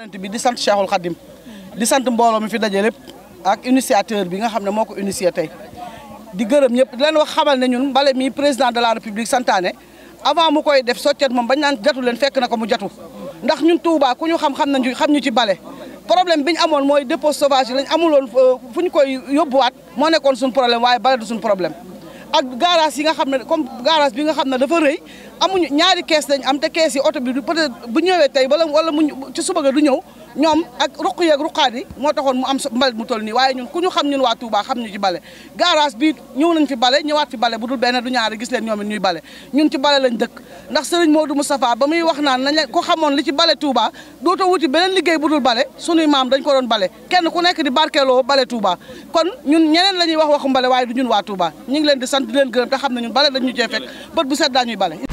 yonent bi di sant Cheikhul Khadim di sant mbooloo mi fi daje lépp ak initiateur bi nga xam ne moo ko initié tey di gërëm ñëpp di leen wax xamal ne ñun mbale mi président de la république santaane avant mu koy def soccet moom bañ naan jatu leen fekk na ko mu jatu ndax ñun Touba ku ñu xam-xam nañu xam ñu ci bale problème bi ñu amoon mooy dépôt sauvage yi lañ amuloon euh, fu ñu koy yóbbuwaat moo nekkoon suñu problème waaye bale du suñu problème ak garage yi nga xam ne comme garage bi nga xam ne dafa rëy amuñu ñaari kees lañ am te kees yi oto bi peut-être bu ñëwee tey wala wala mu ci suba ga du ñëw ñoom ak ruq yeeg ruqaan yi moo taxoon mu am mbalit mu toll nii waaye ñun ku ñu xam ñun waa Touba xam ñu ci bale garage bi ñëw nañ fi bale ñëwaat fi bale bu dul benn du ñaari gis leen ñoom it ñuy bale ñun ci bale lañ dëkk ndax sëriñ Modou Moustapha ba muy wax naan nañ ko xamoon li ci bale Touba dootoo wuti beneen liggéey bu dul bale sunuy maam dañ ko doon bale kenn ku nekk di barkeeloo bale Touba kon ñun ñeneen lañuy wax waxu bale waaye du ñun waa Touba ñu ngi leen di sant leen gërëm xam ne bale dañ ñu jee fekk bët daa ñuy bale